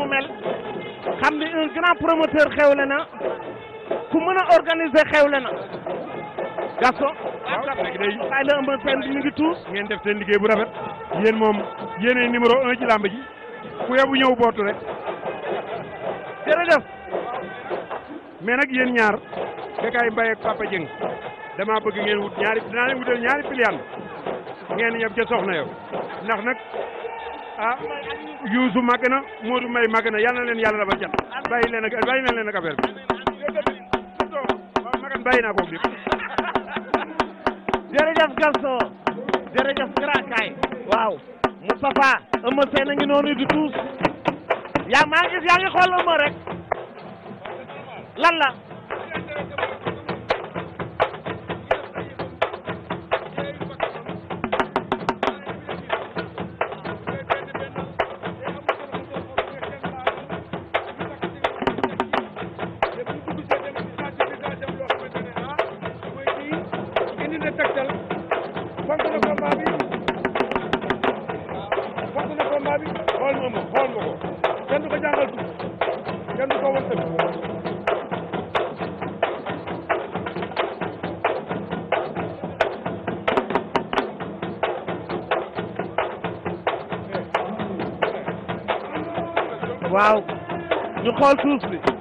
mu mel xam ni un grand promoteur xewle na ku mën a organise xewle na Gaston. waaw la ëmb seen ñu ngi tuus. def seen liggéey bu rafet yéen moom yéenay numéro un ci làmb ji ku yebu ñëw bootu rek jërëjëf mais nag yéen ñaar Bécaye Mbaye ak Papa Dieng dama bëgg ngeen wut ñaari piliyaan ngeen ñëpp ca soxna yow ndax nag. ah Youssou màgg na Modou Mbaye màgg na yal na leen yàlla na ba jàpp bàyyi leen ak bàyyi na leen bi magan bàyyi naa ko bi jërëjëf Gaston jërëjëf Karakaay waaw Moustapha Eumeu Sène a ngi noonu di tuus yaa maa ngi yaa ngi xool Eumeu rek lan la kenn du ko jàngal tur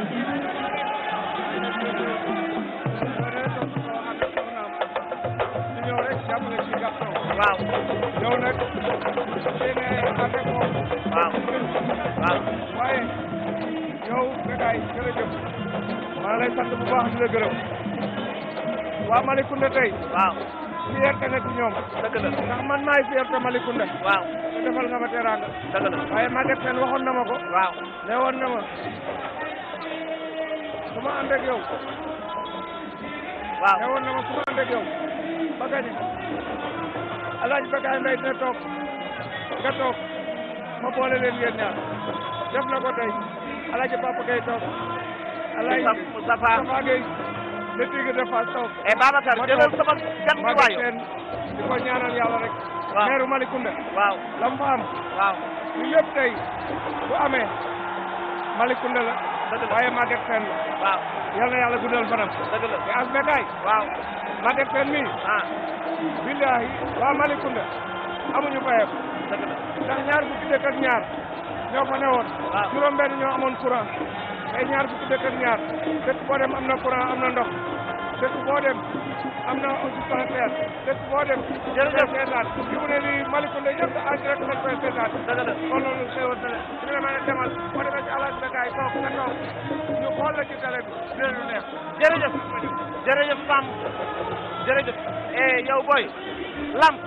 waaw ñëw nag yéene ànd ak moom. waaw waaw. waaye yow Bécaye jërëjëf. maa lay sant bu baax di la gërëm. waa Malicounda tey. waaw. fierté la ci ñoom. dëgg la ndax man maay fierté Malicounda. waaw te defal nga ma teraanga. dëgg la waaye Maguette waxoon na ma ko. ne woon na ma. su ma ànd ak yow. waaw newoon na ma yow ba nga toog ma boole leen yéen ñaar def na ko tey Alaaji Papa Gay toog Alaaji Moustapha Gay le tigre de Fass toog e Babacar jëlal sama gan bi waayo seen di ko ñaanal yàlla rek meeru Malicounda waaw la mu fa am waaw ñu yëpp tey bu amee Malicounda waaye Maguette Pène la. waaw yal na yàlla guddal fanam. dëgg la mais as békaay. billaahi waa Malicounda amuñu payam. dëgg la ñaar fukki dëkk ak ñaar ñoo fa newoon. waaw juróom ñoo amoon courant. tey ñaar fukki dëkk ak ñaar dëkk boo am na courant am na dëkk boo dem am na la kon loolu na la su demee nag demal boo demee ci alaaj yow boy lamp